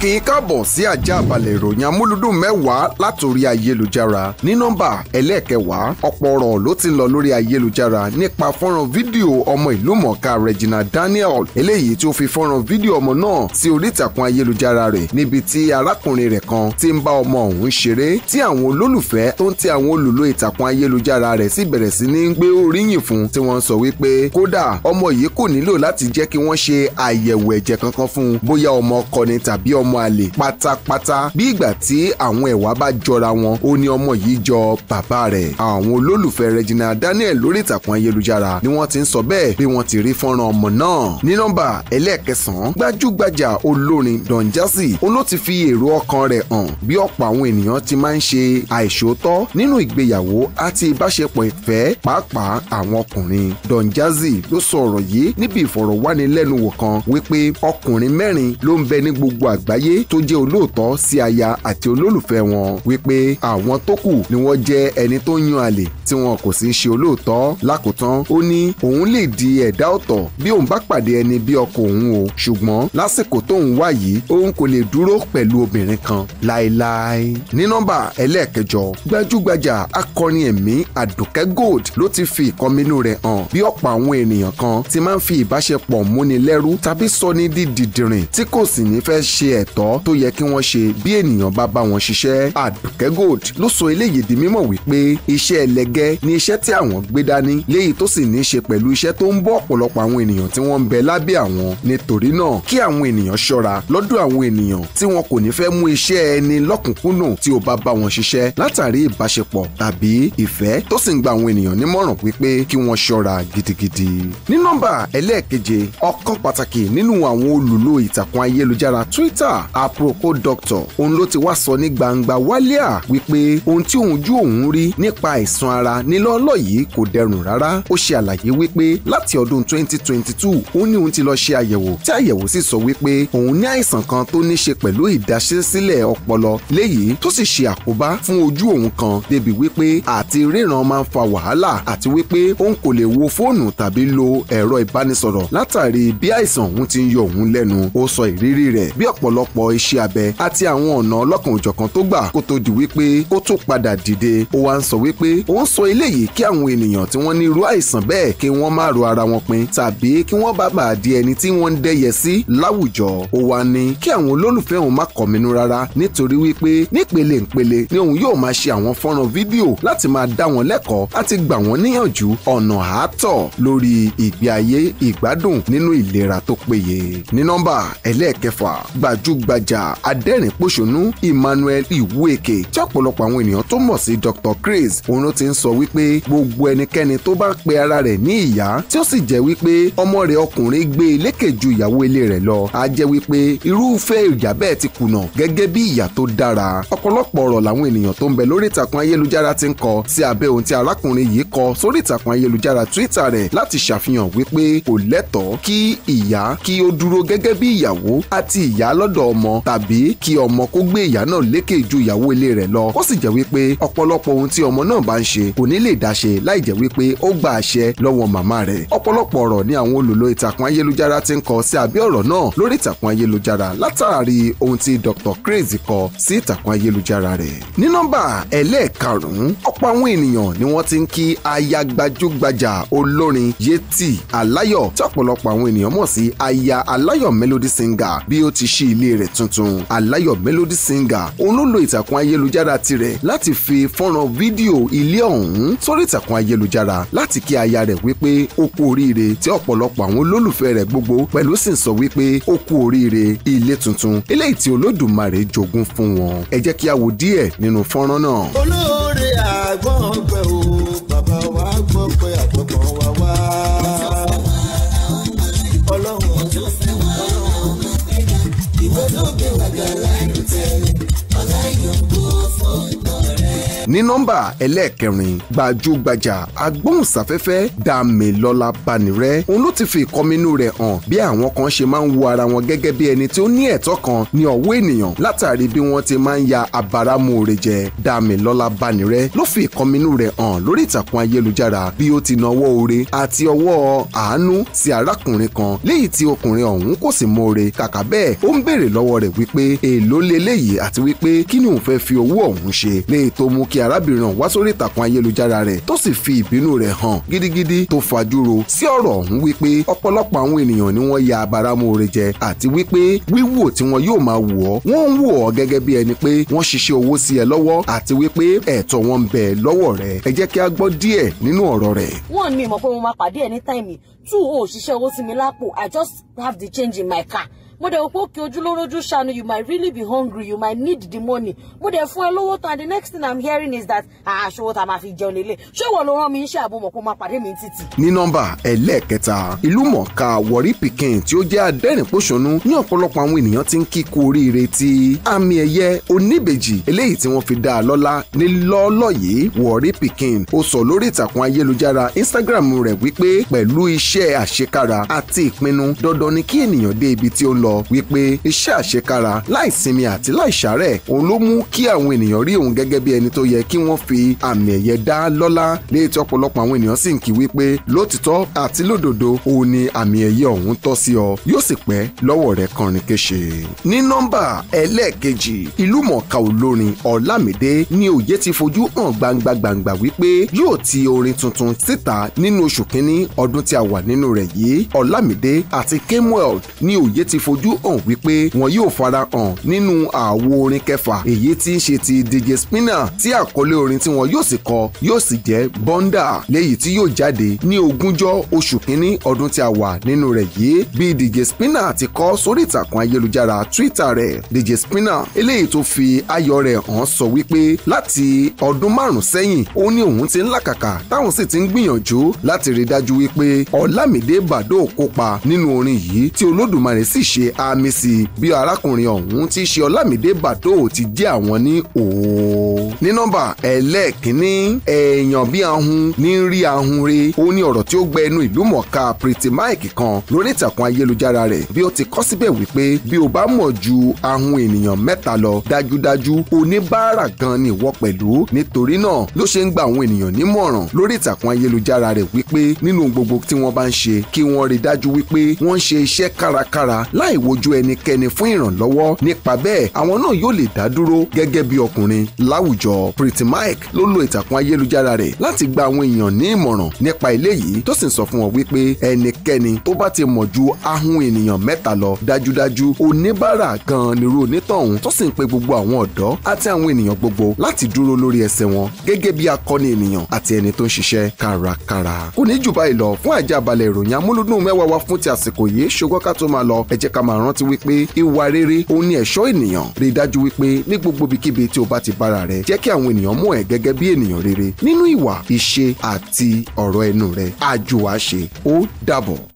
kí n káàbọ̀ sí ajá balẹ̀ ìròyìn amúlùdùn mẹ́wàá látòrí ayélujára ní nọ́mbà ẹlẹ́ẹ̀kẹwàá ọ̀pọ̀ ọ̀rọ̀ ló ti lọ lórí ayélujára nípa fọ́nrán fídíò ọmọ ìlú mọ̀ọ́ká Regina Daniel eléyìí tí ó fi fọ́nrán fídíò ọmọ náà sí orí ìtàkùn ayélujára rẹ̀ níbi tí arákùnrin rẹ̀ kan ti ń bá ọmọ ọ̀hún ṣeré tí àwọn olólùfẹ́ tó ń ti àwọn olùlò ìtàkùn ayélujára rẹ̀ sì bẹ̀rẹ̀ sí ní gbé oríyìn fún tí wọ́n sọ wípé kódà ọmọ yìí kò nílò láti jẹ́ kí wọ́n ṣe àyẹ̀wò ẹ̀jẹ̀ kankan fún bóyá ọmọ ọkọ ni tàbí ọmọ ọmọ àlè pátápátá bí ìgbà tí àwọn ẹ̀wà bá jọra wọn ó ní ọmọ yìí jọ bàbá rẹ̀ àwọn olólùfẹ́ Regina Daniel lórí ìtàkùn ayélujára ni wọ́n ti ń sọ bẹ́ẹ̀ bí wọ́n ti rí fọ́nrán ọmọ náà ní nọ́mbà ẹlẹ́ẹ̀kẹsàn-án gbajúgbajà olórin Don Jazzy ó ló ti fi èrò ọkàn rẹ̀ hàn bí ọ̀pọ̀ àwọn ènìyàn ti máa ń ṣe àìṣòótọ́ nínú ìgbéyàwó àti ìbáṣepọ̀ ìfẹ́ pàápàá àwọn ọkùnrin Don Jazzy ló sọ ọ̀rọ̀ yìí níbi ìfọ̀rọ̀wánilẹ́nuwò kan wípé ọkùnrin mẹ́rin ló ń bẹ ní gbogbo àgbá àgbáyé tó jẹ́ olóòótọ́ sí aya àti olólùfẹ́ wọn wípé àwọn tó kù ni wọ́n jẹ́ ẹni tó ń yan àlè tí wọn kò sì ń ṣe olóòótọ́ lákòótán ó ní òun lè di ẹ̀dá ọ̀tọ̀ bí òun bá pàdé ẹni bí ọkọ òun o ṣùgbọ́n lásìkò tóun wà yìí òun kò lè dúró pẹ̀lú obìnrin kan láéláé ní nọ́mbà ẹlẹ́ẹ̀kẹjọ gbajúgbajà akọrin ẹ̀mí àdùkẹ́ gold ló ti fi ìkọminú rẹ̀ hàn bí ọ̀pọ̀ àwọn ènìyàn kan ti máa ń fi ìbáṣepọ̀ múni lẹ́rú tàbí sọ ní dídìdìrìn tí kò sì ní fẹ́ ṣe ẹ̀tọ́ tó yẹ kí wọ́n ṣe bí ènìyàn bá bá wọn ṣiṣẹ́. Àdùkẹ́ Gold ló sọ eléyìí di mímọ̀ wípé iṣẹ́ ẹlẹ́gẹ́ ni iṣẹ́ tí àwọn gbé dání léyìí tó sì ní í ṣe pẹ̀lú iṣẹ́ tó ń bọ́ ọ̀pọ̀lọpọ̀ àwọn ènìyàn tí wọ́n ń bẹ lábẹ́ àwọn nítorí náà kí àwọn ènìyàn ṣọ́ra lọ́dọ̀ àwọn ènìyàn tí wọn kò ní fẹ́ mú iṣẹ́ ẹni lọ́kùnkúnnù tí ó bá bá wọn ṣiṣẹ́ látàrí ìbáṣepọ̀ tàbí ìfẹ́ tó sì ń gba àwọn ènìyàn Twitter aproko doctor òun ló ti wá sọ ní gbangba wálíà wípé ohun tí òun ju òun rí nípa àìsàn ara nílọ́ọ̀lọ́ yìí kò dẹrùn rárá ó ṣe àlàyé wípé láti ọdún 2022 òun ní òun ti lọ ṣe àyẹ̀wò tí àyẹ̀wò sì sọ wípé òun ní àìsàn kan tó ní ṣe pẹ̀lú ìdaṣẹ́sílẹ̀ ọpọlọ léyìí tó sì ṣe àkóbá fún ojú òun kan débi wípé àti ríran máa ń fa wàhálà àti wípé òun kò lè wo fóònù tàbí lo ẹ̀rọ ìbánisọ̀rọ̀ látàrí bí àìsàn òun ti ń yọ òun lẹ́nu ó sọ ìrírí rẹ̀ bí ọ̀pọ̀lọpọ̀ ọ̀pọ̀lọpọ̀ iṣẹ́ abẹ àti àwọn ọ̀nà ọlọ́kan-ò-jọ̀kan tó gbà kó tó di wípé ó tún padà dìde ó wá ń sọ wípé ó ń sọ eléyìí kí àwọn ènìyàn tí wọ́n ní irú àìsàn bẹ́ẹ̀ kí wọ́n má ro ara wọn pin tàbí kí wọ́n bá bàa di ẹni tí wọ́n ń dẹ́yẹ sí láwùjọ ó wá ní kí àwọn olólùfẹ́ òun má kọ̀mínú rárá nítorí wípé nípele nípele ni òun yóò máa ṣe àwọn fọ́nrán fídíò láti máa dá wọn lẹ́kọ̀ọ́ àti gbà wọ́n níyànjú ọ̀nà àátọ̀ lórí ìgbé ayé ìgbádùn nínú gbajúgbajà adẹ́rìn-pòṣónú Emmanuel Iwueke tí ọ̀pọ̀lọpọ̀ àwọn ènìyàn tó mọ̀ sí Dr. Chris òun ló ti ń sọ wípé gbogbo ẹnikẹ́ni tó bá pe ara rẹ̀ ní ìyá tí ó sì jẹ́ wípé ọmọ rẹ̀ ọkùnrin gbé e lékè ju ìyàwó ilé rẹ̀ lọ á jẹ́ wípé irúfẹ́ ìyá bẹ́ẹ̀ ti kùnà gẹ́gẹ́ bí ìyá tó dára ọ̀pọ̀lọpọ̀ ọ̀rọ̀ làwọn ènìyàn tó ń bẹ lórí ìtàkùn ayélujára ti ń kọ sí abẹ́ ohun tí arákùnrin yìí kọ sórí ìtàkùn ayélujára Twitter rẹ̀ láti ṣàfihàn wípé kò lẹ́tọ̀ọ́ kí ìyá kí ó dúró gẹ́gẹ́ bí ìyàwó àti ìyá lọ́dọ̀ ọmọ tàbí kí ọmọ kó gbé ìyá náà lékè ju ìyàwó ilé rẹ̀ lọ kó sì jẹ́ wípé ọ̀pọ̀lọpọ̀ ohun tí ọmọ náà bá ń ṣe kò ní lè dáṣe láì jẹ́ wípé ó gba àṣẹ lọ́wọ́ màmá rẹ̀ ọ̀pọ̀lọpọ̀ ọ̀rọ̀ ni àwọn olùlò ìtàkùn ayélujára ti ń kọ sí abẹ́ ọ̀rọ̀ náà lórí ìtàkùn ayélujára látàrí ohun tí Dr. Crazy kọ sí ìtàkùn ayélujára rẹ̀ ní nọ́mbà ẹlẹ́ẹ̀karùn-ún ọ̀pọ̀ àwọn ènìyàn ni wọ́n ti ń kí aya gbajúgbajà olórin Yẹtì Aláyọ̀ tí ọ̀pọ̀lọpọ̀ àwọn ènìyàn mọ̀ sí aya Aláyọ̀ melody singer bí ó ti ṣí ilé rẹ̀ tuntun aláyọ̀ melody singer òun ló lo ìtàkùn ayélujára tirẹ̀ láti fi fọ́nrán fídíò ilé ọ̀hún sórí ìtàkùn ayélujára láti kí aya rẹ̀ wípé ó kú oríire tí ọ̀pọ̀lọpọ̀ àwọn olólùfẹ́ rẹ̀ gbogbo pẹ̀lú sì ń sọ wípé ó kú oríire ilé tuntun eléyìí tí olódùmarè jogún fún wọn ẹ jẹ́ kí a wò díẹ̀ nínú fọ́nrán náà. olóore àgbọ̀ngbẹ̀ o ní nọ́mbà ẹlẹ́ẹ̀kẹrin gbajúgbajà agbóhùnsáfẹ́fẹ́ Dàmílọ́lá Bánirẹ́ òun ló ti fi ìkọminú rẹ̀ hàn bí àwọn kan ṣe máa ń wo ara wọn gẹ́gẹ́ bí ẹni tí ó ní ẹ̀tọ́ kan ní ọ̀wọ́ ènìyàn látàrí bí wọ́n ti máa ń ya àbáramoore jẹ Dàmílọ́lá Bánirẹ́ ló fi ìkọminú rẹ̀ hàn lórí ìtàkùn ayélujára bí ó ti nawọ́ oore àti ọwọ́ àánú sí arákùnrin kan léyìí tí ọkùnrin ọ̀hún kò sì mọ oore kàkà bẹ́ẹ̀ ó ń béèrè lọ́wọ́ rẹ̀ wípé èèló leléyìí àti wípé kí òun fẹ́ fi owó ọ̀hún ṣe léyìí tó mú kí arábìnrin náà wá sórí ìtàkùn ayélujára rẹ̀ tó sì fi ìbínú rẹ̀ hàn gidigidi tó fajúro sí ọ̀rọ̀ ọ̀hún wípé ọ̀pọ̀lọpọ̀ àwọn ènìyàn ni wọ́n ya abáramóore jẹ àti wípé wíwò tí wọn yóò máa wò ọ́ wọ́n ń wò ọ́ gẹ́gẹ́ bí ẹni pé wọ́n ṣiṣẹ́ owó sí ẹ lọ́wọ́ àti wípé ẹ̀tọ́ wọn ń bẹ lọ́wọ́ rẹ ẹ jẹ́ kí a gbọ́ díẹ̀ nínú ọ̀rọ̀ rẹ̀. wọ́n ní ìmọ̀ pé mo máa pàdé anytime two o ṣiṣẹ́ owó sí mi lápò i just have the change in my car mo dẹ̀ pé òkè ojú lórójú ṣàánú you might really be hungry you might need the money mo dẹ̀ fún ẹ lówó tán and the next thing i'm hearing is that ah, aṣọ wo ta ma fi jẹun lélẹ̀ ṣé ìwọ ló rán mi iṣẹ́ àbomọ̀ kó máa pàdé mi títì. ní nọ́mbà ẹlẹ́ẹ̀kẹta ìlúmọ̀ọ́ká Warri Pikin tí ó jẹ́ adẹ́rìn-pòṣónú ní ọ̀pọ̀lọpọ̀ àwọn ènìyàn ti ń kí kú oríire ti àmì ẹ̀yẹ oníbejì eléyìí tí wọ́n fi dá a lọ́lá ní lọ́ọ́lọ́ yìí Warri Pikin ó sọ lórí ìtàkùn ayélujára Instagram rẹ̀ wípé pẹ̀lú iṣẹ́ àṣekára àti ìpinnu dandan ni kí ènìyàn dé ibi tí ó ń lọ lọ wípé iṣẹ́ àṣekára láìsinmi àti láìsàárẹ̀ òun ló mú kí àwọn ènìyàn rí òun gẹ́gẹ́ bí ẹni tó yẹ kí wọ́n fi àmì ẹ̀yẹ dá lọ́lá léètò ọ̀pọ̀lọpọ̀ àwọn ènìyàn sì ń kí wípé lótìtọ́ àti lódodo òun ni àmì ẹ̀yẹ ọ̀hún tọ́ sí ọ yóò sì pẹ́ lọ́wọ́ rẹ kọrin kéṣe. ní nọ́mbà ẹlẹ́ẹ̀kejì ìlúmọ̀ọ́ká olórin ọ̀làmídé ni òye ti fojú hàn gbangba gbangba wípé yóò ti orin tuntun síta nínú oṣù kínní ọdún tí a wà nínú rẹ̀ yìí ọ̀làmídé àti kemuel ni òye ti fojú fojú hàn wípé wọn yóò fara hàn nínú àwo orin kẹfà èyí tí ń ṣe ti DJ Spinner tí àkọlé orin tí wọn yóò sì kọ yóò sì jẹ́ Bọ́ndà léyìí tí yóò jáde ní ogúnjọ́ oṣù kínní ọdún tí a wà nínú rẹ̀ yìí bí DJ Spinner ti kọ sórí ìtàkùn ayélujára Twitter rẹ̀ DJ Spinner eléyìí tó fi ayọ̀ rẹ̀ hàn sọ wípé láti ọdún márùn sẹ́yìn ó ní òun ti ń làkàkà táwọn sì ti ń gbìyànjú láti rí dájú wípé Ọlámídé Bàdóò kópa nínú orin yìí tí Olódùmarè sì ṣe ṣe àmì sí bí arákùnrin ọ̀hún ti ṣe Ọlámídé Bàdóò ti jẹ́ àwọn ní òó ní nọ́mbà ẹlẹ́ẹ̀kínní èèyàn bí ahun ní rí ahun re ó ní ọ̀rọ̀ tí ó gbẹ ẹnu ìlú mọ̀ọ́ká Pretty Mike kan lórí ìtàkùn ayélujára rẹ̀ bí ó ti kọ síbẹ̀ wípé bí o bá mọ̀ ju ahun ènìyàn mẹ́ta lọ dájúdájú oníbàárà gan ni ìwọ pẹ̀lú nítorí náà ló ṣe ń gba àwọn ènìyàn nímọ̀ràn lórí ìtàkùn ayélujára rẹ̀ wípé nínú gbogbo tí wọ́n bá ń ṣe kí wọ́n rí dájú wípé wọ́n ń ṣe iṣẹ́ kárakára láì wojú ẹnikẹ́ni fún ìrànlọ́wọ́ nípa bẹ́ẹ̀ àwọn náà yóò lè dá dúró gẹ́gẹ́ bí ọkùnrin láwùjọ àwùjọ Pretty Mike ló lo ìtàkùn ayélujára rẹ̀ láti gba àwọn èèyàn ní ìmọ̀ràn nípa eléyìí tó sì ń sọ fún wọn wípé ẹnikẹ́ni tó bá ti mọ̀ ju ahun ènìyàn mẹ́ta lọ dájúdájú oníbàárà gan-an nírú onítọ̀hún tó sì ń pe gbogbo àwọn ọ̀dọ́ àti àwọn ènìyàn gbogbo láti dúró lórí ẹsẹ̀ wọn gẹ́gẹ́ bí akọni ènìyàn àti ẹni tó ń ṣiṣẹ́ kárakára. kò ní jù báyìí lọ fún àjàbalẹ̀ ìròyìn amúlùdùn mẹ́wàá wa fún ti àsìkò yìí ṣùgbọ́n ká tó máa lọ ẹ ká máa rántí wípé ìwà rere òun ni ẹ̀ṣọ́ ènìyàn rí dájú wípé ní gbogbo ibikíbi tí o bá ti bára rẹ jẹ́ kí àwọn ènìyàn mọ̀ ẹ́ gẹ́gẹ́ bí ènìyàn rere nínú ìwà ìṣe àti ọ̀rọ̀ ẹnu rẹ àjùwàṣe ó dàbọ̀.